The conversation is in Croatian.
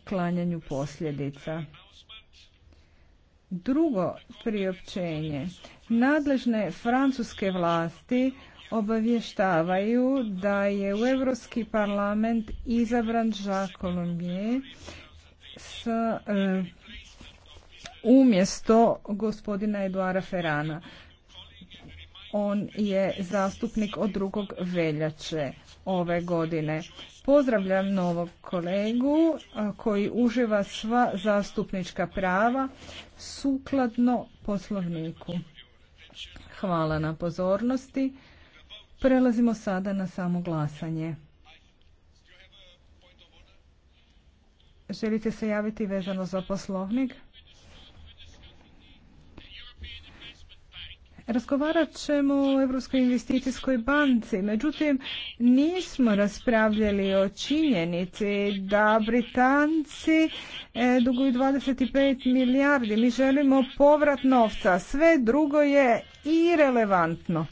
uklanjanju posljedica. Drugo priopćenje. Nadležne francuske vlasti obavještavaju da je u Europski parlament izabran Jacques Colombier s e, umjesto gospodina Eduara Ferana. On je zastupnik od drugog veljače ove godine. Pozdravljam novog kolegu koji uživa sva zastupnička prava sukladno poslovniku. Hvala na pozornosti. Prelazimo sada na samo glasanje. Želite se javiti vezano za poslovnik? Razgovarat ćemo o Europskoj investicijskoj banci, međutim nismo raspravljali o činjenici da Britanci e, duguju duguju 25 milijardi. Mi želimo povrat novca, sve drugo je irelevantno.